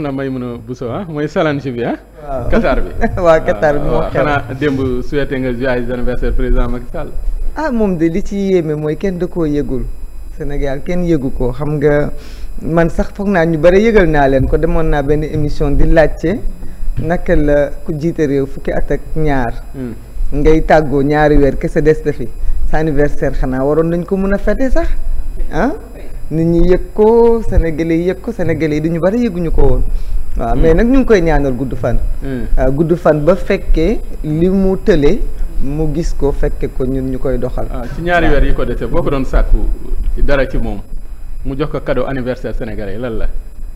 na may mën a Bousso ah mooy salange bi ah Qatar bi waaw Qatar bi ah, moo xanaa démb souhaité nga joyeux anniversaire président Macky Sall ah moom de li ci yéeme mooy kenn da ko yëgul Sénégal kenn yëgu ko xam nga man sax foog naa ñu bari yëgal naa leen ko demoon naa benn émission di laajte naka la ku jiite réew fukki at ak ñaar hmm. ngay tàggoo ñaari weer kese des defi sa anniversaire xanaa waroon nañ ko mën a fete sax ah? nit ñi yëg ko Sénégalais yi yëg ko Sénégalais yi du ñu bari yëguñu ko woon. waaw mais hmm. nag ñu ngi koy ñaanal gudd fan. Hmm. gudd fan ba fekkee li mu tële mu gis ko fekkee ko ñun ñu koy doxal. Ah, ci ñaari weer yi ko dese boo ko doon sàkku dara ci moom mu jox ko cadeau anniversaire sénégalais lan la.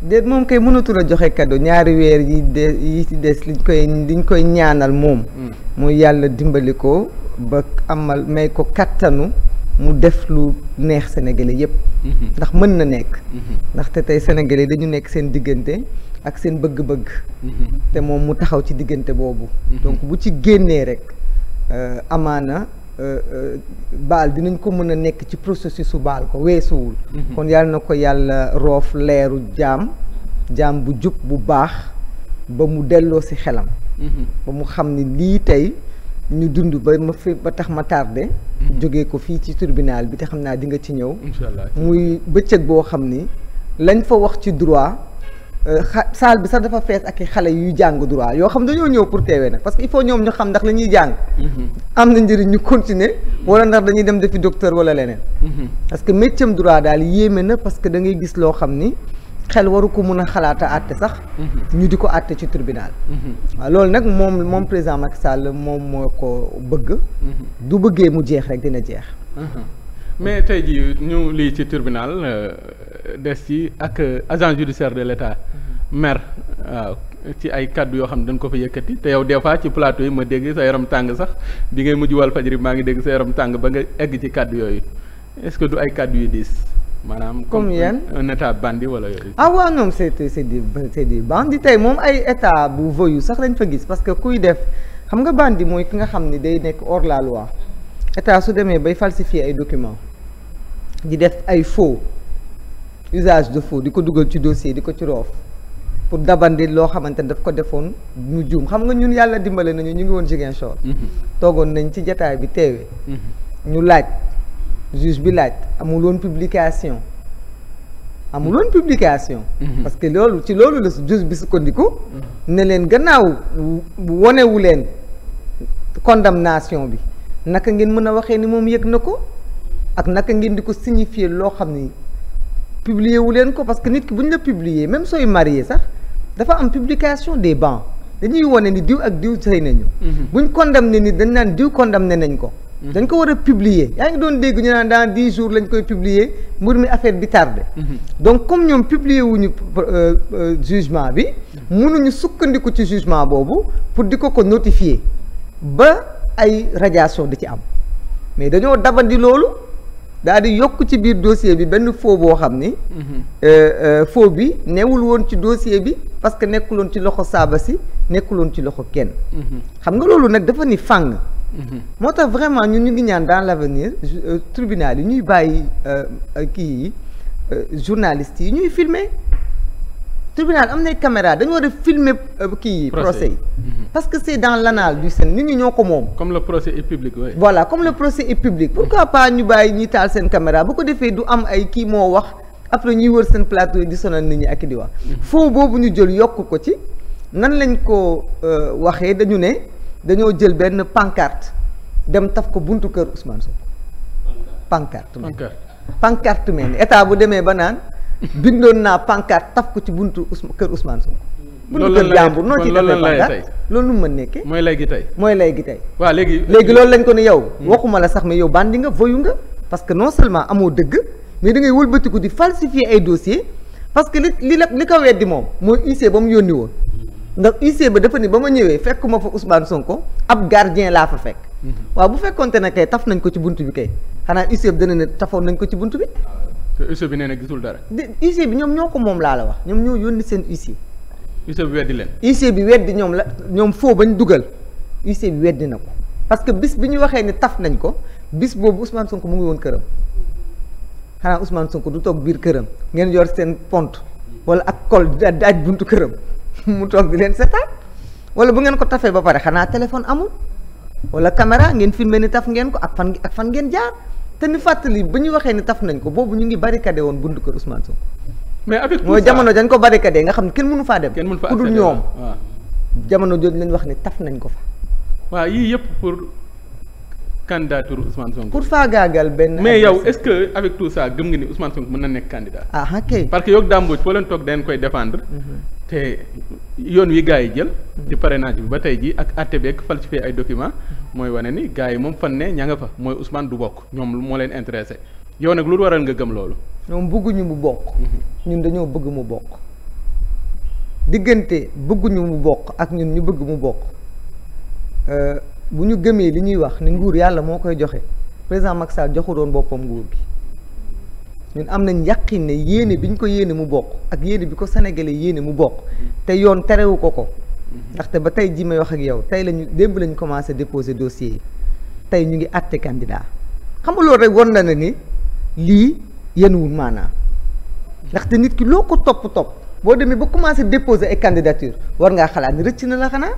déet moom kay mënatul a joxe cadeau ñaari weer yi de yi ci des liñ koy liñ koy ñaanal moom. Hmm. mu yàlla dimbali ko ba amal may ko kattanu. mu def lu neex sénégalais yépp mm-hmm. ndax mën na nekk mm-hmm. ndaxte tey sénégalais dañu nekk seen diggante ak seen bëgg-bëgg mm-hmm. te moom mu taxaw ci diggante boobu donc bu ci génnee rek euh, amaana euh, euh, baal dinañ ko mën a nekk ci processus su baal ko weesuwul kon yàlla na ko yàlla roof leeru jaam jaam bu jub bu baax ba mu delloo si xelam ba mu xam ni lii tey ñu dund ba ma fi ba tax ma tardé. Mm-hmm. jógee ko fii ci tribunal bi te xam naa di nga ci ñëw. muy bëccëg boo xam ni lañ fa wax ci droit euh, xa saal bi sax dafa fees ak i xale yuy jàng droit yoo xam dañoo ñëw pour teewee nag parce que il faut ñoom ñu xam ndax la ñuy jàng. Mm-hmm. am na njëriñ ñu continuer wala ndax dañuy dem defi docteur wala leneen. Mm-hmm. parce que métier droit daal yéeme na parce que gis loo xam ni. xel waru ko mun a xalaata àtte sax. Mhm. ñu di ko àtte ci tribunal. Mhm. waaw loolu nag moom moom président Macky Sall moom moo ko bëgg. Mhm. du bëggee mu jeex rek dina jeex. mais tey jii ñu lii ci tribunal euh, des ci ak euh, agent judiciaire de l'État maire waaw ci ay kaddu yoo xam ne dañ ko fa yëkkati te yow des fois ci plateau yi ma dégg sa yaram tàng sax bi ngay mujj wal fajri maa ngi dégg sa yaram tàng ba nga egg ci kàddu yooyu est-ce que du ay kàddu yu diis. maanaam comme yan un état bandit wala yooyu. ah waaw ñoom c' est c' est des c' est des bandits tey moom ay état bu voyou sax lañ fa gis parce que kuy def xam nga bandi mooy ki nga xam ni day nekk hors la état su demee bay falsifier ay documents di def ay faux usage de faux di ko dugal ci dossier di ko ci roof pour dabandi loo xamante ni daf ko defoon ñu juum xam nga ñun yàlla dimbale nañu ñu ngi woon Ziguinchor. Mhm. toogoon nañ ci jataay bi teewee. Mhm. ñu laaj. juge bi laaj amuloon publication amul woon publication mhm. parce que loolu ci loolu la juge bi sukkandiku ne leen gannaaw wonewu leen condamnation bi naka ngeen mën a waxee ni moom yëg na ko ak naka ngeen di ko signifier loo xam ni publier wu leen ko parce que nit ki bu ñu la publier même sooy marier sax dafa am publication des bans dañuy wone ni diw ak diw sëy nañu mhm. buñ condamné nit dañ naan diw condamné nañ ko dañ ko war a publier yaa ngi doon dégg ñu naan dans dix jours lañ koy publier mbir mi affaire bi tardé. Mhm. donc comme ñoom publier wuñu euh, euh, jugement bi. Mhm. mënuñu sukkandiku ci jugement boobu pour di ko ko notifier ba ay radiation di ci am mais dañoo dabandi loolu daal di yokk ci biir dossier bi benn faux boo xam ni. Mhm. Euh, faux bi newul woon ci dossier bi parce que nekkuloon ci loxo saaba si nekkuloon ci loxo kenn. xam nga loolu nag dafa ni fàng. moo tax vraiment ñun ñu ngi ñaan dans l' avenir euh, tribunal yi ñuy bàyyi euh, euh, kii yi journalistes yi ñuy filmer tribunal am na caméra dañu war a filmer kii yi procès yi mm-hmm. parce que c' est dans l' annales du Sénégal nit ñi ñoo ko moom comme le procès est public voilà comme le procès est public pourquoi mm-hmm. pas ñu bàyyi ñuy taal seen caméra bu ko defee du am ay kii moo wax après ñuy wër seen plateau yi di sonal nit ñi ak di wax mm-hmm. foo boobu ñu jël yokk ko ci nan lañ ko waxee dañu ne dañoo jël benn pancarte dem taf ko buntu kër Ousmane Sonko pancarte pancarte mel ni état bu demee ba naan bindoon naa pancarte taf ko ci buntu usmaan Ousmane Sonko buntu kër jàmbur noonu ci tafee pancarte loolu nu mu mën mooy lay gi tey mooy lay gi tey waaw léegi léegi lañ ko ne yow hmm. waxuma la sax mais yow bandi nga voyu nga parce que non seulement amoo dëgg mais da ngay wëlbatiku di falsifier ay dossiers parce que li li la li ko weddi moom mooy UC ba mu yónni woon nga huissier ba defa ni ba ma ñëwee fekkuma fa Ousmane Sonko ab gardien laa fa fekk. Mhm. waaw bu fekkonte ne kay taf nañ ko ci bunt bi kay xanaa huissier bi dana ne tafoon nañ ko ci bunt bi. te bi nee na gisul dara. de bi ñoom ñoo ko moom laa la ñoo yónni seen huissier. huissier bi weddi leen. huissier bi weddi ñoom la ñoom foo bañ dugal huissier bi weddi na ko parce que bis bi ñu waxee ne taf nañ ko bis boobu Ousmane Sonko mu ngi woon këram xanaa Ousmane Sonko du toog biir këram ngeen yor seen pont wala ak kol daaj buntu këram. mu toog bi leen seetaan wala bu ngeen ko tafee ba pare xanaa téléphone amul wala caméra ngeen filmer ni taf ngeen ko ak fan ak fan ngeen jaar te ni fàttali ba ñu waxee ni taf nañ ko boobu ñu ngi barricadé woon buntu kër Ousmane Sonko. mais avec tout ça mooy jamono dañ ko barricadé nga xam ne kenn mënu faa dem. kenn mënu faa ku dul ñoom. jamono jooju lañ wax ni taf nañ ko fa. waaw yii yëpp pour candidature Ousmane Sonko. pour benn. mais yow est-ce que avec mën na nekk candidat. ah ok parce que yow Dame Mbodj foo leen toog koy défendre. Mhm. te yoon wi gars yi jël. pare parrainage bi ba tey jii ak àtte beeg falsifier ay documents. mooy wane ni gars yi moom fan ne ña nga fa mooy Ousmane du bokk ñoom moo leen intéressé yow nag lu waral nga gëm loolu. ñoom bëgguñu mu bokk. Mhm. ñun dañoo bëgg mu bokk. diggante bëgguñu mu bokk ak ñun ñu bëgg mu bokk euh, bu ñu gëmee li ñuy wax ni nguur yàlla moo koy joxe présent Macky Sall joxu doon boppam nguur gi. ñun am nañ yàqin ne yéene bi ñu ko yéene mu bokk ak yéene bi ko sénégalais yéene mu bokk te yoon terewu ko ko ndaxte ba tey ji may wax ak yow tey lañu démb lañu commencé déposer dossier yi tey ñu ngi àtte candidat xam nga loolu rek war na ne ni lii yenn wul maanaam ndaxte nit ki loo ko topp topp boo demee ba commencé déposer ay candidature war ngaa xalaat ni rëcc na la xanaa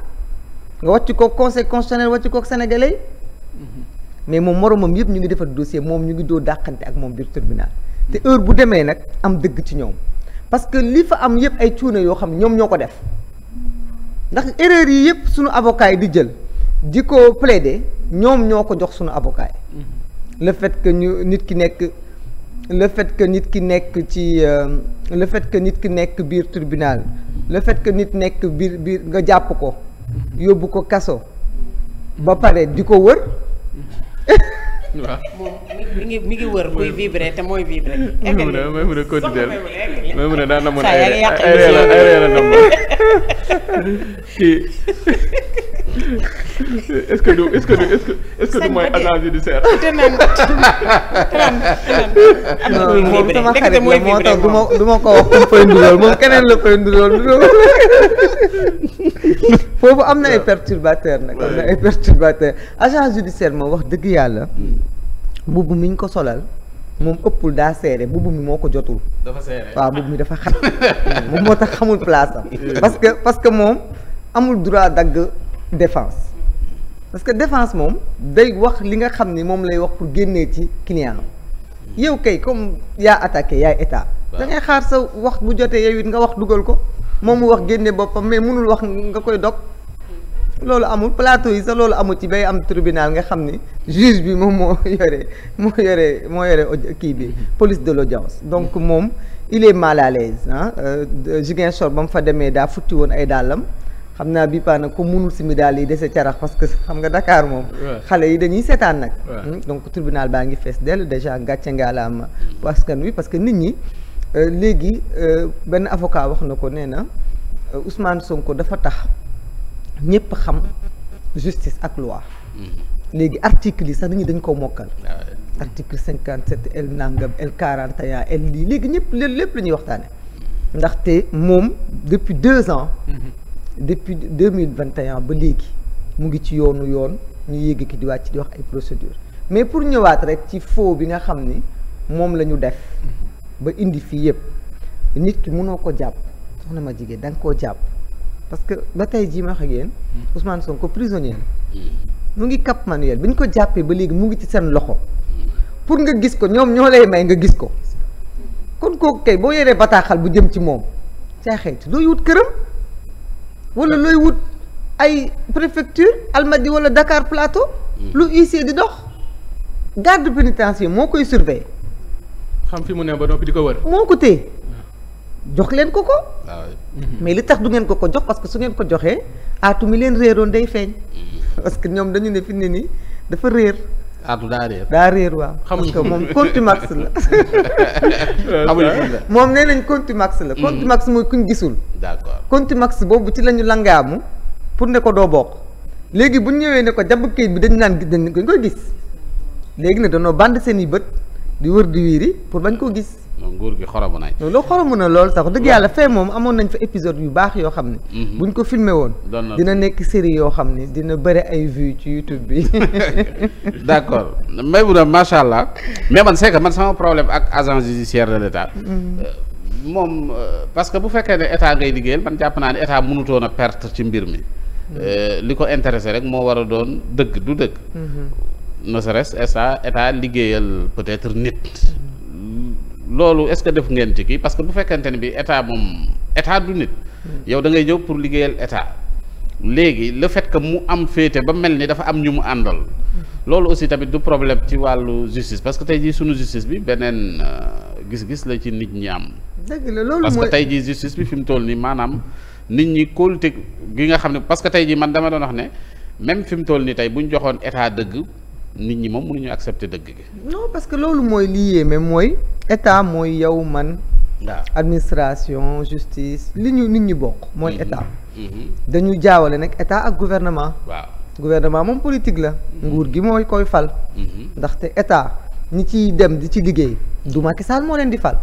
nga wàcc ko conseil constitutionnel wàcc koog sénégalais mm-hmm. mais moom moromam yëpp ñu ngi defar dossier moom ñu ngi doo dàqante ak moom biir te heure bu demee nag am dëgg ci ñoom parce que li fa am yëpp ay cuune yoo xam ñoom ñoo ko def ndax erreur yi yëpp suñu avocat yi di jël di ko plaider ñoom ñoo ko jox suñu abokaay yi mm-hmm. le fait que ñu nit ki nekk le fait que nit ki nekk ci euh, le fait que nit ki nekk biir tribunal le fait que nit nekk biir biir nga jàpp ko mm-hmm. yóbbu ko kaso ba pare di ko wër mm-hmm. mi ngi mi ngi wër kuy vibrer te mooy vibrer. egg nii may mën a continuer may mën a daan na mën ay ay réer la ay nam kii moom sama ma du ma moom keneen la foofu am na ay perturbateurs nag am na ay perturbateurs agence judiciaire moom wax dëgg yàlla mbubb mi ñu ko solal moom ëppul daa seere mbubb mi moo ko jotul. waaw mbubb mi dafa xat moom moo tax xamul place am. parce que parce que moom amul droit dagg défense. parce que défense moom day wax li nga xam ni moom lay wax pour génnee ci client yow kay comme yaa attaqué yaay état. da xaar sa wax bu jotee yow it nga wax dugal ko moom mu wax génne boppam mais mënul wax nga koy dog. loolu amul plateau yi sax loolu amul ci bay am tribunal nga xam ni juge bi moom moo yore moo yore moo yore kii bi police de l'audience donc moom il est mal à l'aise ah ba mu fa demee daa futti woon ay dàllam xam naa bi paa nag ku munul si mi daal yi dese carax parce que xam nga dakaar moom xale yi dañuy seetaan nag hmm? donc tribunal baa ngi fees dell déjà gàcce nga la am askan wi parce que nit ñi euh, léegi euh, benn avocat wax na ko nee na Ousmane Sonko dafa tax ñëpp xam justice ak loi léegi article yi sax nañu dañ ko mokkal ah article cinquante sept L nangam L quarante et lii léegi ñëpp lépp la ñuy waxtaane ndaxte moom depuis deux ans mm-hmm. depuis deux mille vingt et ba léegi mu ngi ci yoonu yoon ñu yéegi ki di wàcc di wax ay procédure mais pour ñëwaat rek ci faux bi nga xam ni moom la ñu def mm-hmm. ba indi fii yëpp nit ki mënoo ko jàpp soxna ma jigéen da nga koo jàpp parce que ba tey jii ma wax ak yéen hmm. Ousmane prisonnier hmm. mu ngi Cap Manuel bi ñu ko jàppee ba léegi mu ngi ci seen loxo hmm. pour nga gis ko ñoom ñoo lay may nga gis ko kon kooku kay boo yoree bataaxal bu jëm ci moom caaxeeti looy wut këram walla looy wut ay préfecture Almadies wala Dakar Plateau lu huissier di dox garde pénitentiaire moo koy surveiller xam fi mu ne ba noppi di ko wër moo ko téye jox leen ko ko. Ah mm-hmm. mais li tax du ngeen ko ko jox parce que su ngeen ko joxee aatu mu leen réeroon day feeñ. Mm-hmm. parce que ñoom dañu ne fi ne nii dafa réer. aatu daa réer daa waaw. xamuñ ko moom contumax la. xamuñ moom nee nañ contumax la. Mm-hmm. contumax mooy kuñ gisul. d'accord contumax boobu ci la ñu langaamu pour ne ko doo bokk. léegi bu ñëwee ne ko jàpp kayit bi dañu naan dañ koy gis léegi ne danoo band seen i bët di wër di wiiri pour bañ koo gis. moom nguur gi xoromu nañ. loolu xoromu na dëgg yàlla fee moom amoon nañ fa épisode yu baax yoo xam ne. Mhm. buñ ko filmé woon. dina nekk série yoo xam ne dina bëri ay vues ci YouTube bi. d' accord may bu na macha allah mais man c'est que man sama problème ak agent judiciaire de l' état. Mhm. Euh, moom euh, parce que bu fekkee ne état ngay liggéeyal man jàpp naa ne état mënutoon a perte ci mbir mi. Mhm. Euh, li ko intéressé rek moo war a doon dëgg du dëgg. ne serait-ce liggéeyal peut-être nit. loolu est-ce que def ngeen ci kii parce que bu fekkente ne bi état moom état du nit. Hmm. yow da ngay ñëw pour liggéeyal état. léegi la fait mu am féete ba mel ni dafa am ñu mu àndal. Hmm. loolu aussi tamit du problème ci wàllu justice parce que tey jii sunu justice bi beneen euh, gis-gis la ci nit ñi am. dëgg la loolu tey jii justice bi fi mu toll nii maanaam nit ñi kóolute gi nga xam ne parce que tey jii man dama doon wax ne même fi mu toll nii tey bu ñu joxoon état dëgg. nit ñi moom mënuñu accepter dëgg gi. non parce que loolu mooy lii yéeme mooy état mooy yow man. waaw administration justice li ñu nit ñi bokk. mooy mhm. état. Mhm. dañu jaawale nag état ak gouvernement. waaw gouvernement moom politique la. Mhm. nguur gi mooy koy fal. ndaxte état ñi ciy dem di ci liggéey. du Macky Sall moo leen di fal.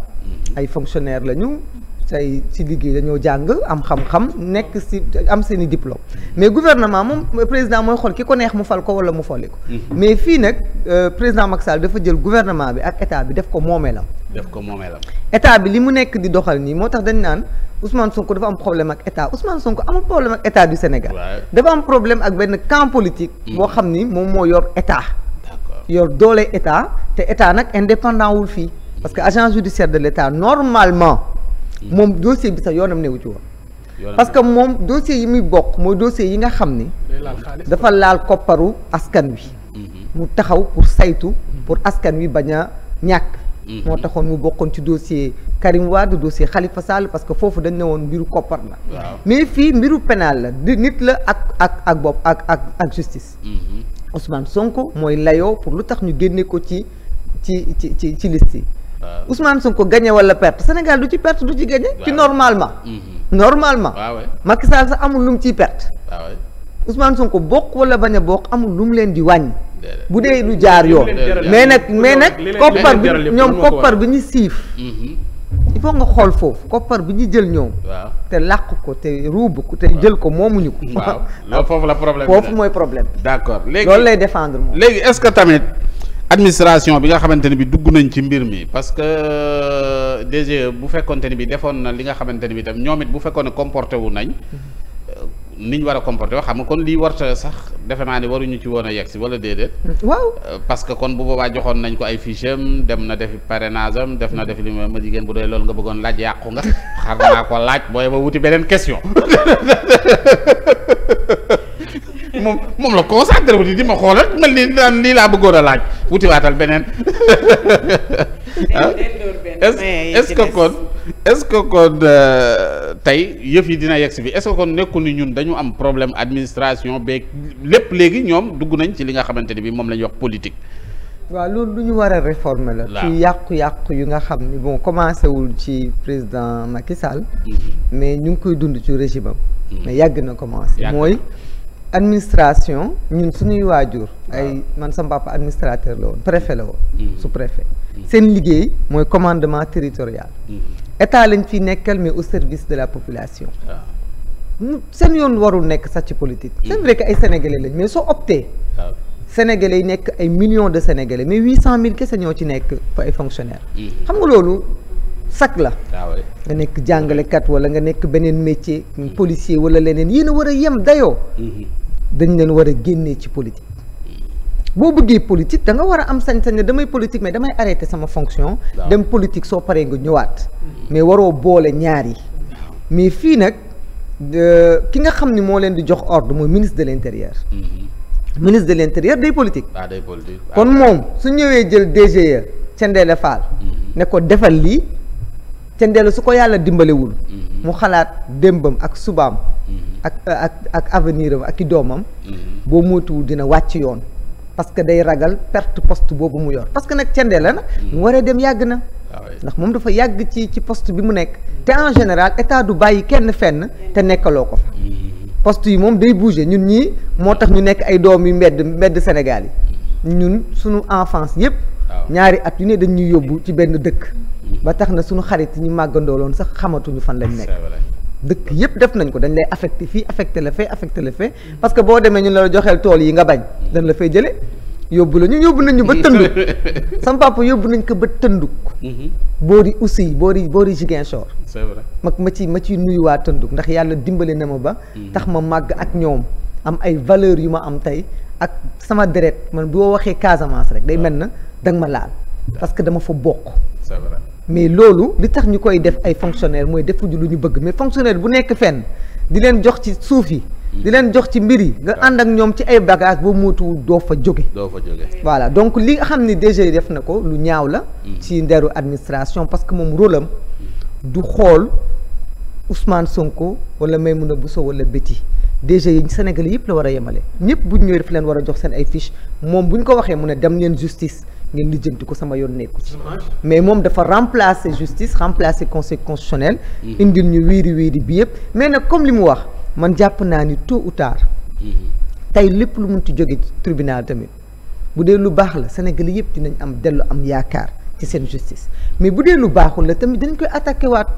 ay fonctionnaire lañu. tey ci liggéey dañoo jàng am xam-xam nekk si am seen i diplôme mais gouvernement moom président mooy xool ki ko neex mu fal ko wala mu folli ko mhm. mais fii nag euh, président Macky Sall dafa jël gouvernement bi ak état bi def ko moomeelam def ko moomeelam état bi li mu nekk di doxal nii moo tax dañ naan Ousmane Sonko dafa am problème ak état Ousmane Sonko amul problème ak état du Sénégal dafa am problème ak benn camp politique mhm. boo xam ni moom moo yor état yor doole état te état nag indépendant wul fii parce que agent judiciaire de l' état normalement moom dossier bi sax yoonam newu ci woon parce que moom dossier yi muy bokk mooy dossier yi nga xam ni dafa laal kopparu askan wi mm-hmm. mu taxaw pour saytu mm-hmm. pour askan wi bañ a ñàkk mm-hmm. moo taxoon mu bokkoon ci dossier Karim Wade dossier Khalifa Sall parce que foofu dañ ne woon mbiru koppar la mais fii mbiru penaal la di nit la ak ak ak bopp ak ak ak justice Ousmane Sonko mooy layoo pour lu tax ñu génne ko ci ci ci ci ci liste yi Euh, Ousmane ko gagné wala perte Sénégal du ci perte du ci gagné. ci normalement. Mhm. normalement. waaw Macky Sall sax amul lu ciy perte. waaw Ousmane ko bokk wala bañ a bokk amul lum leen di wàññi. bu dee lu jaar yoon. mais nag mais nag koppar bi ñoom koppar bi ñu siif. Mhm. il faut nga xool foofu koppar bi ñu jël ñoom. te làq ko te ruub ko te jël ko moomuñu ko. waaw loolu foofu la problème foofu mooy problème. d'accord léegi loolu lay défendre moom. léegi est-ce que tamit. administration bi nga xamante ne bi dugg nañ ci mbir mi parce que euh, DG bu fekkonte ne bi defoon na li nga xamante ne bi tam ñoom bu fekkoon ne comporté wu nañ euh, niñ war a comporter woo xam nga kon lii warta sax defe naa ne waruñu ci woon a yegg si wala déedéet. waaw euh, parce que kon bu boobaa joxoon nañ ko ay fiche am dem na defi parrainage def na def li ma jigéen bu doy lool nga bëggoon laaj yàqu nga xar naa ko laaj booy ba wuti beneen question moom moom la concentré wu di di ma xoolal mel ni daan lii laa bëggoon a laaj wutiwaatal beneen est-ce que kon est-ce que kon euh, tey yëf yi dina yegsi bi est kon nekkul ni ñun dañu am problème administration beeg lépp léegi ñoom dugg nañ ci li nga xamante ni bi moom la ñuy wax politique waaw loolu lu ñu war a réformer la ci yàqu-yàqu yi nga xam ni boo commencé wul ci président Macky Sall mm-hmm. mais ñu ngi koy dund ci régime am mm-hmm. yàgg na commencé mooy administration ñun suñuy waajur ay man sama papa administrateur la woon préfet la woon mm-hmm. su préfet mm-hmm. seen liggéey mooy commandement territorial mm-hmm. état lañ fi nekkal mais au service de la population ah. seen yoon warul nekk sax ci politique c'est vrai que ay sénégalais lañ mais soo opté ah. sénégalais yi nekk ay millions de sénégalais mais huit cent mille kese ñoo ci nekk ay fonctionnaires xam nga loolu sac la ah nga nekk jàngalekat wala nga nekk beneen métier policier wala leneen yéen a war a yem dayoo mm-hmm. dañ leen war a génnee ci politique mm-hmm. boo bëggee politique da nga war a am sañ-sañ ne damay politique mais damay arrêté sama fonction ah. dem politique soo paree nga ñëwaat mm-hmm. mais waroo boole ñaar yi ah. mais fii nag ki nga xam ni moo leen di jox ordre mooy ministre de l' intérieur ministre de l' intérieur day politique kon moom su ñëwee jël DGE Thiendella Fall ne ko defal lii ca ndeelu su ko yàlla dimbalewul mm-hmm. mu xalaat démbam ak subaam mm-hmm. ak euh, ak ak avenir am ak i doomam mm-hmm. boo moytuwul dina wàcc yoon parce que day ragal perte poste boobu mu yor parce que nag cendee na nag mu waree dem yàgg na ah ndax moom dafa yàgg ci ci post bi mu nekk te en général état du bàyyi kenn fenn te nekkaloo ko fa poste yi moom day bouger ñun ñii moo tax ñu nekk ay doom yu mbedd mbedd Sénégal yi ñun suñu enfance yépp ñaari at yu ne dañ ñuy yóbbu ci benn dëkk. Mm-hmm. ba tax na suñu xarit ñu màggandoo loon sax xamatuñu fan lañ nekk. dëkk yëpp def nañ ko dañ lay affecté fii affecté la fee affecté la fe parce que boo demee ñu la joxee tool yi nga bañ. Mm-hmm. dañ la fay jëlee yóbbu la ñu yóbbu nañ ñu ba tënduk sama papa yóbbu nañ ko bët tënduk. Mm-hmm. boo di aussi boo di boo di Ziguinchor. c'est mag ma ci ma ciy nuyuwaa tënduk ndax yàlla dimbali na ma ba. tax ma màgg ak ñoom. am ay valeur yu ma am tey ak sama deret man boo waxee Casamance rek day mel na dang ma laal parce que dama fa bokk mais loolu li tax ñu koy def ay fonctionnaire mooy defuñu lu ñu bëgg mais fonctionnaire bu nekk fenn di leen jox ci suuf yi di leen jox ci mbir yi nga ànd ak ñoom ci ay bagage boo muutuwul doo fa jóge doo fa jóge voilà donc li xam ni DG def na ko lu ñaaw la mm. ci nderu administration parce que moom rolam mm. du xool Ousmane Sonko wala Maimouna Bousso wala Betty DG yi Sénégalais yëpp la war a yemale ñëpp bu ñu ñëwee leen war a jox seen ay fiche moom bu ñu ko waxee mu ne dem leen justice ngeen lijjanti ko sama yoon nekku ci mais moom dafa remplacer justice remplacer conseil constitutionnel. Mm-hmm. indil ñu wiiri wiiri bi yëpp. mais nag comme li mu wax man jàpp naa ni tout ou tard. Mm-hmm. tey lépp lu mun munti jóge ci tribunal tamit bu dee lu baax la Sénégalais yëpp dinañ am dellu am yaakaar ci seen justice mais bu dee lu baaxul la tamit dañ koy attaqué waat.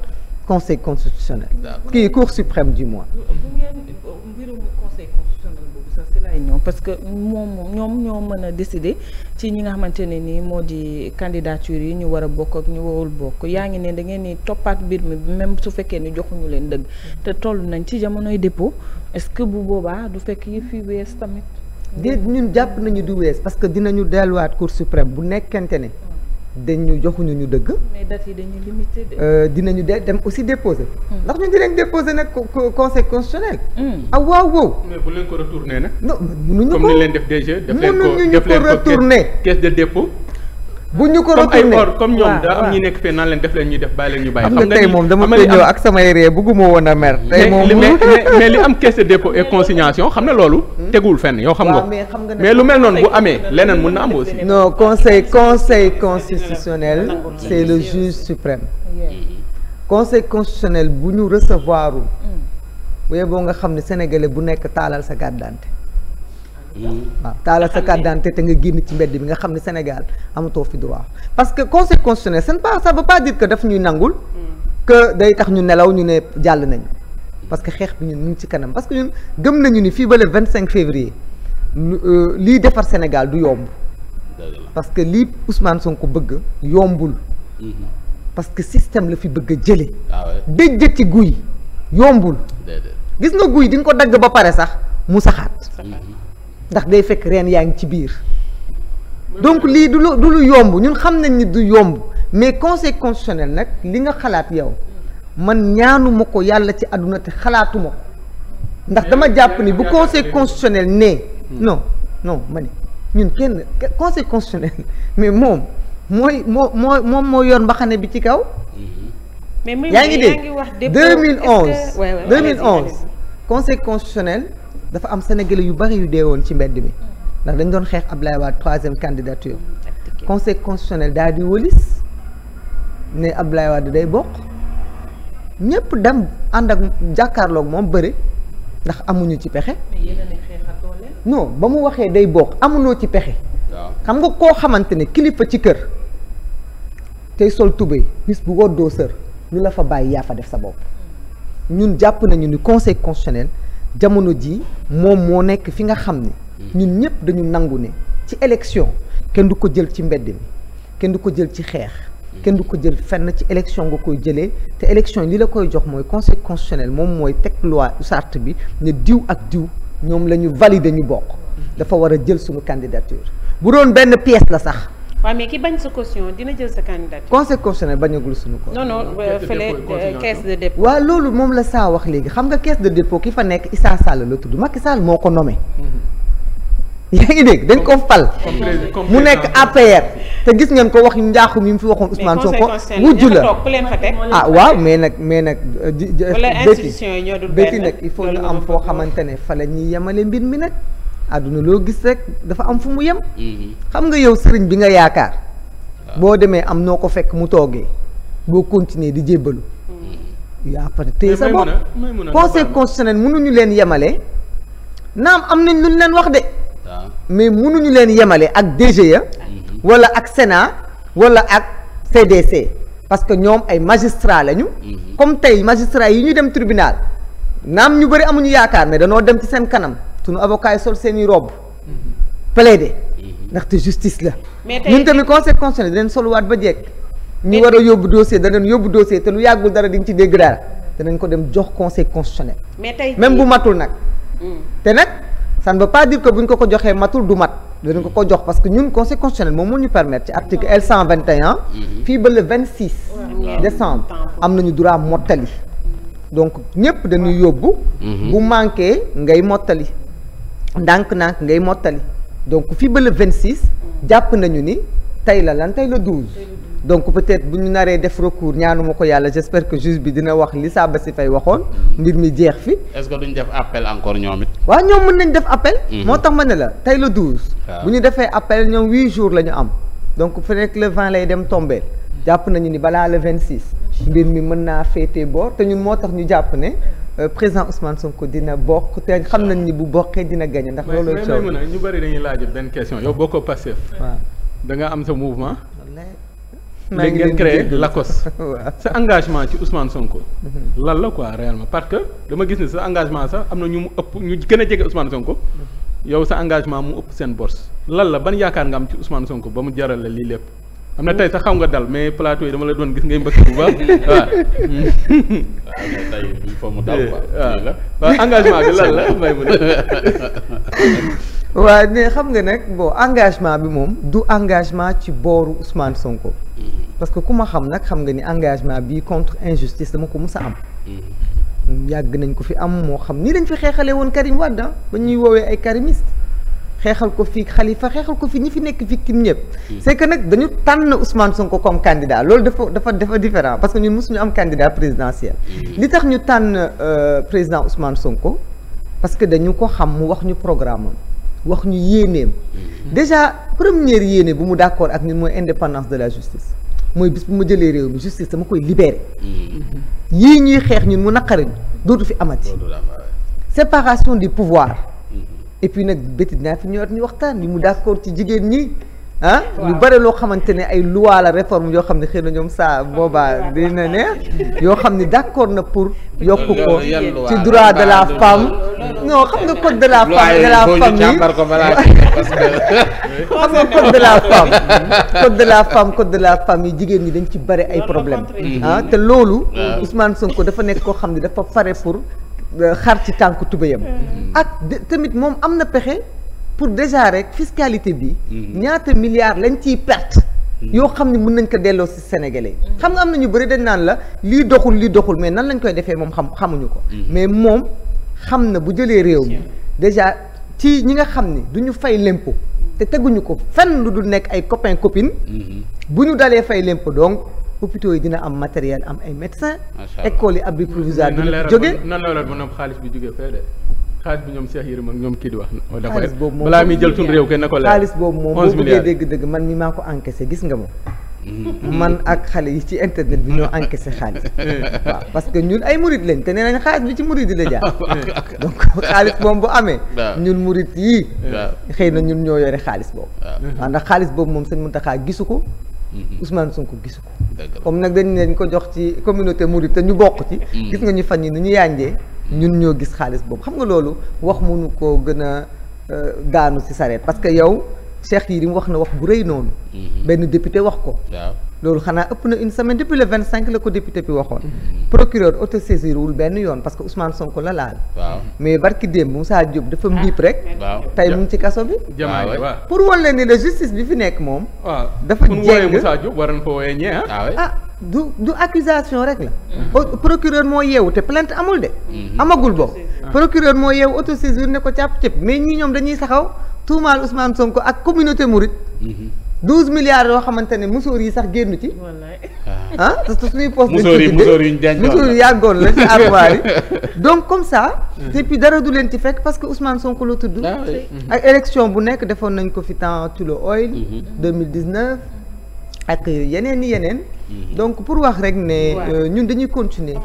conseil constitutionnel. kii cour suprême du moins. Oh, parce que moom ñoom ñoo mën a décider ci ñi nga xamante ne nii moo di candidature yi ñu war a bokk ak ñu warul bokk yaa ngi ne da ngeen ni toppaat mbir mi même su fekkee ni joxuñu leen dëgg te toll nañ ci jamonoy dépôt est-ce que bu boobaa du fekk yi fi wees tamit. di ñun jàpp nañu du wees parce que dinañu delluwaat cour suprême bu nekkente ne. dañu joxuñu ñu dëgg. mais yi dañuy limité. Euh, dinañu de dem aussi déposé hmm. ndax ñu dinañ déposer nag conseil constitutionnel. Hmm. ah waaw waaw. mais bu leen ko retourné nag. non mënuñu ko comme ni leen def DG. def leen ko def leen ko caisse de dépôt. bu ñu ko retourné comme ñoom daa am ñi nekk fee naan leen def leen ñuy def bàyyi leen ñu bàyyi. xam nga tey moom dama ko ñëw ak samay ree bugguma woon a mer. tey moom mais li am caisse de hmm? xam na loolu. Hmm? teguwul fenn yow xam nga mais lu mel noonu bu amee leneen mun na am aussi. non conseil conseil constitutionnel c'est le juge suprême. conseil constitutionnel bu ñu recevoirul. Hmm. bu yeboo nga xam ne sénégalais bu nekk taalal sa gàddante. Mm. waaw taalal sa carte d'identité te nga génn ci mbedd bi nga xam ne Sénégal amatoo fi droit parce que conseil constitutionnel c'est pas ça veut pas dire que daf ñuy nangul mm. que day tax ñu nelaw ñu ne jàll nañu parce que xeex bi ñun ñu ngi ci kanam parce que gëm nañu ni fii ba le vingt cinq février euh, lii defar Sénégal du yomb parce que lii Ousmane ko bëgg yombul mm-hmm. parce que système la fi bëgg a jële ah déjjë ci guy yombul gis nga guy di ko dagg ba pare sax mu saxaat mm-hmm. ndax day fekk reen yaa ngi ci biir donc lii du lu du yomb ñun xam nañ ni du yomb mais conseil constitutionnel nag li nga xalaat yow man ñaanuma ko yàlla ci àdduna te xalaatuma ko ndax dama jàpp ni bu conseil constitutionnel ne hmm. non non ma ni ñun kenn conseil constitutionnel mais moom mooy moo moo moom moo yor mbaxane bi ci kaw yaa ngi mille dégg 2011 2011 conseil constitutionnel dafa am sénégalais yu bari yu dee woon ci mbedd mi ndax dañ doon xeex Ablaye Wade troisième candidature conseil constitutionnel daa di wëlis ne Ablaye Wade day bokk ñëpp dem ànd ak jàkkaarlook moom bëri ndax amuñu ci pexe non ba mu waxee day bokk amuloo ci pexe xam nga koo xamante ne kilifa ci kër tey sol tubéy bis bu woddoo sër lu la fa bàyyi yaa fa def sa bopp hmm. ñun jàpp nañu ni conseil constitutionnel jamono ji moom moo nekk fi nga xam ni ñun ñëpp dañu nangu ne ci élection kenn du ko jël ci mbedd mi kenn du ko jël ci xeex kenn du ko jël fenn ci élection nga koy jëlee te élection yi li la koy jox mooy conseil constitutionnel moom mooy teg loi charte bi ne diw ak diw ñoom la ñu valider ñu bokk dafa war a jël suñu candidature bu doon benn pièce la sax waaw mais ki bañ sa caution dina jël sa candidature. conseil constitutionnel bañagul suñu ko. non non fële euh, caisse loolu moom la saa wax léegi xam nga caisse de dépôt ki fa nekk Issa Sall la tudd Macky Sall moo ko nommé. Mm-hmm. yaa ngi dégg dañ ko fal. mu nekk APR. te gis ngeen ko wax njaaxum yi mu fi waxoon Ousmane Sonko. wujju la ah waaw mais nag mais nag. Euh, wala institution yi ñoo dul benn nag il faut ñu am foo xamante ne fa la ñuy yemale mbir mi nag. àdduna loo gis rek dafa am fu mu yem. Mm-hmm. xam nga yow sëriñ bi nga yaakaar. Ah. boo demee am noo ko fekk mu toogee boo continuer di jébbalu. Mm-hmm. yaa pare tey sa bopp conseil constitutionnel mënuñu leen yemale. naam am nañ luñ leen wax de. Ah. mais munuñu leen yemale ak ya mm-hmm. wala ak Sénat wala ak CDC. parce que ñoom ay magistrat lañu. comme tey magistrat yi ñu dem tribunal. naam ñu bëri amuñu yaakaar mais danoo dem ci seen kanam. su avocat yi sol seeni robe plaider mhm. ndaxte justice la ñun tamit conseil constitutionnel dinañ soluwaat ba jekk ñu war a yóbbu dossier danañ yóbbu dossier te lu yàggul dara di nga ci dégg dara danañ ko dem jox conseil constitutionnel même bu matul nag mm. te nag san ne veut pas dire que bu ñu ko ko joxee matul du mat danañ ko ko jox parce que ñun conseil constitutionnel moom mu ñu permettre ci article L 121 mhm. fii ba le 26 décembre am nañu droit mottali donc ñëpp dañuy yóbbu mhm. bu manqué ngay mottali ndànk-ndànk ngay mottali donc fii ba le 26. jàpp nañu ni tey la lan tey la 12. donc peut-être bu ñu naree def ñaanu ma ko yàlla j'espère que juge bi dina wax li Saba si fay waxoon mm-hmm. mbir mi jeex fi. est-ce ñu def appel encore ñoom it. waaw ñoom mën nañ def appel. Mm-hmm. moo tax ma ne la tey la 12. bu ñu defee appel ñoom 8 jours la ñu am donc fu nekk le 20 lay dem tombeel mm-hmm. jàpp nañu ni balaa le 26. mbir mi mën naa féete boor te ñun moo tax ñu jàpp ne. Euh, président Ousmane Sonko dina bokk te xam nañ ni bu bokkee dina gañe ndax looloo coow mais ñu bëri dañuy laaj benn question yow boo ko passé. waaw da nga am sa mouvement. maa ngi ngeen créé Lacoste sa engagement ci Ousmane Sonko. Mhm. lan la quoi réellement parce que dama gis ne sa engagement sax am na ñu mu ëpp ñu gën a jege Ousmane Sonko. Mhm. yow sa engagement mu ëpp seen bors lan la ban yaakaar nga am ci Ousmane Sonko ba mu jarale lii lépp. am na tey sax xaw nga dal mais plateau yi dama la doon gis ngay mbëkk bu baax waaw. il faut mu dal eh, waaw engagement bi lan la may mu waaw ne xam nga nag bon engagement bi moom du engagement ci booru Ousmane Sonko. Mm-hmm. parce que ku ma xam nag xam nga ni engagement bi contre injustice dama ko mus a am. Mm-hmm. yàgg nañ ko fi am moo xam nii lañ fi xeexalee woon Karim Wade ah, ba ñuy woowee ay karimiste xeexal ko fii Khalifa xeexal ko fii ñi fi nekk victime ñëpp. c'est que nag dañu tànn Ousmane Sonko comme candidat loolu dafa dafa dafa différent parce que ñun mosuñu am candidat présidentiel. Mm-hmm. li tax ñu tànn euh, président Ousmane Sonko parce que dañu ko xam mu wax ñu programme am wax ñu yéeneem. Mm-hmm. déjà première yéene bu mu d'accord ak ñun mooy indépendance de la justice. mooy bis bu ma jëlee réew mi justice dama koy libéré. Mm-hmm. yii ñuy xeex ñun mu naqariñ dootu fi amati. séparation du pouvoir. et puis nag bétti dinaa fi ñëwaat ñu waxtaan ni mu d'accord ci jigéen ñi ah lu bare loo xamante ne ay loi la réforme yoo xam ne xëy na ñoom saa boobaa dina neex yoo xam ne d'accord na pour yokk ko ci droit de la femme non xam nga code de la femme de code de la femme code de la femme code jigéen ñi dañ ci bare ay problème ah te loolu Ousmane Sonko dafa nekk koo xam ne dafa fare pour Euh, xar ci tànku tubéyam mm-hmm. ak tamit moom am na pexe pour déjà rek fiscalité bi mm-hmm. ñaata milliards lañ ciy perte mm-hmm. yoo xam ne mun nañ ko delloo si sénégalais xam nga am na ñu bëri dañ naan la lii doxul lii doxul mais nan lañ koy defee moom xam xamuñu ko mais moom xam na bu jëlee réew mi déjà ci ñi nga xam ni du ñu fay l'impôt te teguñu ko fenn lu dul nekk ay copain copine bu ñu dalee fay l'impôt donc hôpitaux yi dina am matériel am ay médecins. macha allah école yi abri provisoire dina ko jóge nan la leeral ba xaalis bi jógee fee de xaalis bi ñoom Cheikh Yérim ak ñoom kii di wax. xaalis boobu moom balaa muy jël suñu réew kenn na ko leer xaalis boobu moom boo bëggee dégg-dëgg man mi maa ko encaissé gis nga moom. Mm-hmm. man ak xale yi ci internet bi ñoo encaissé xaalis. Mm-hmm. waaw parce que ñun ay murit lañ te nee nañ xaalis bi ci murit yi la jaar. Mm-hmm. donc xaalis moom bu amee. ñun murit yii. xëy na ñun ñoo yore xaalis boobu. waaw ndax xaalis boobu moom sëñ Mountakha gisu ko Mm-hmm. Ousmane Sonko gisu ko comme nag dañ ne ko jox ci communauté mouride te ñu bokk ci mm-hmm. gis nga ñu fan yi ni ñu yànjee mm-hmm. ñun ñoo gis xaalis boobu xam nga loolu wax mënu koo gën a gaanu euh, ci sareet parce que yow Cheikh mu wax na wax bu rëy noonu. Mhm. benn député wax ko. loolu xanaa ëpp na une semaine depuis le cinq la ko député bi waxoon. Mhm. procureur autosaisir wul benn yoon parce que Ousmane Sonko la laal. waaw mais barki démb saa Diop dafa ah. mbiip rek. waaw tey mu ngi ci kaso bi. pour wan leen ni la justice bi fi nekk moom. Ah, dafa jégg waaw wooyee ko wooyee ñee ah. ah du du accusation rek la. Mhm. procureur moo yeewu te plainte amul de. amagul boobu. procureur moo yeewu autosaisir ne ko càpp cëpp mais ñi ñoom dañuy saxaw. tuumaal Ousmane Sonko ak communauté Mouride. 12 mhm. milliards yoo xamante ne musóor yi sax génn ci. wallaay ah. ah te suñuy poste. musóor yi musóor yi ñu denc musóor yàggoon la ci armoire donc comme ça. Mhm. te puis dara du leen ci fekk parce que Ousmane Sonko la tudd. ak ah mhm. élection bu nekk defoon nañ ko fi temps Tulo Oil. 2019 ak yeneen i yeneen. Mhm. donc pour wax rek ne. Euh, ñun dañuy continuer.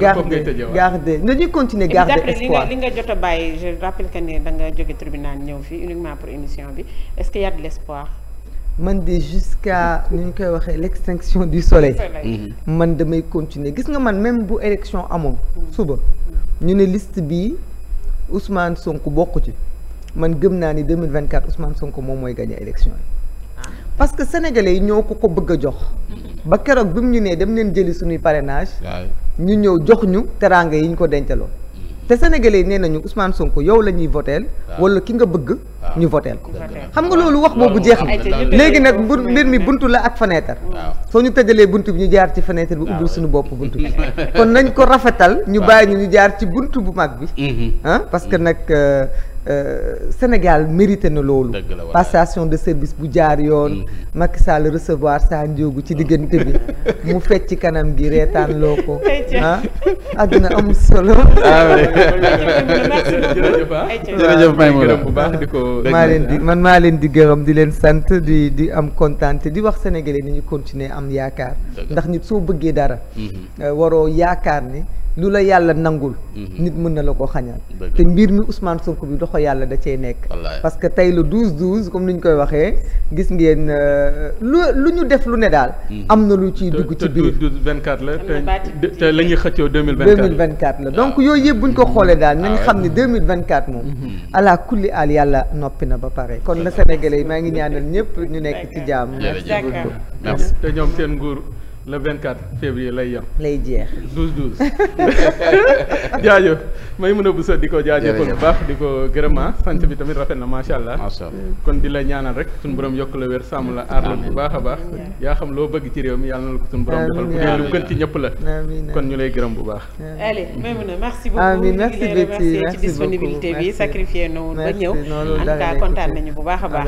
garder garder dañuy continuer garder espoir. li nga jot a bàyyi je rappelle da nga jóge tribunal ñëw fii uniquement pour émission bi est-ce qu'il y a de l'espoir. man de jusqu'à ñu ñu koy waxee l'extinction du soleil. Mhm. man damay continuer gis nga man même bu élection amoon. Mhm. suba ñu ne liste bi Ousmane Sonko bokk ci man gëm naa ni 2024 Ousmane Sonko moom mooy gagner élection yi. Ah. parce que sénégalais yi ñoo ko ko bëgg a jox. ba keroog bi mu ñu nee dem leen jëli suñuy parrainage ñu ñëw jox ñu teraanga yi ñu ko dencaloon mm. te sénégalais nee nañu Ousmane Sonko yow la ñuy voteel wala ki nga bëgg ñu voteel ko xam nga loolu wax boobu jeex na léegi nag bu mbir mi buntu la ak fenêtre soo ñu tëjalee bunt bi ñu jaar ci fenêtre bi ubbil suñu bopp buntu bi kon nañ ko rafetal ñu bàyyi ñu ñu jaar ci bunt bu mag bi mm-hmm. ah que mm-hmm. nag euh, Euh, Sénégal mérité na loolu passation de service bu jaar yoon mm-hmm. Macky Sall recevoir saa njóogu ci diggante bi mm-hmm. mu fecc kanam gi reetaan loo ko ah àdduna amul solo ah, ah, jërëjëf bu baax ko maa leen di man maa leen di gërëm di leen sant di di am kontaan te di wax sénégalais ni ñu continuer am yaakaar ndax nit soo bëggee dara mm-hmm. euh, waroo yaakaar ni lu la yàlla nangul mhm. nit mën na la ko xañal te mbir mi Ousmane Sonko bi loxo yàlla da cee nekk parce que tey le douze douze comme ni ñu koy waxee gis ngeen euh, lu lu ñu def lu ne daal mhm. am na lu ciy dugg ci biir te vingt quatre la te la ñuy xëccoo deux mille donc yooyu yëpp bu ñu ko ah. xoolee daal nañ ah xam ne deux mille vingt quatre moom mhm. ala kulli al yàlla noppi na ba pare kon la sénégalais yi maa ngi ñaanal ñëpp ñu nekk ci jàmm merci te ñoom seen nguur le 24 février lay yem. lay jeex 12 may mën a bu sa di ko jaajëfal bu baax di ko gërëmaa ah. sant bi tamit rafet na macha allah. kon di la ñaanal rek suñ borom yokk la wér sàmm la aar bu baax a baax. yaa xam loo bëgg ci réew mi yàlla na la ko suñu borom defal bu dee lu gën ci ñëpp la. kon ñu lay gërëm bu baax. allez may mën a merci beaucoup. merci beaucoup ci disponibilité bi sacrifié na woon ba ñëw. en kontaan nañu bu baax a baax.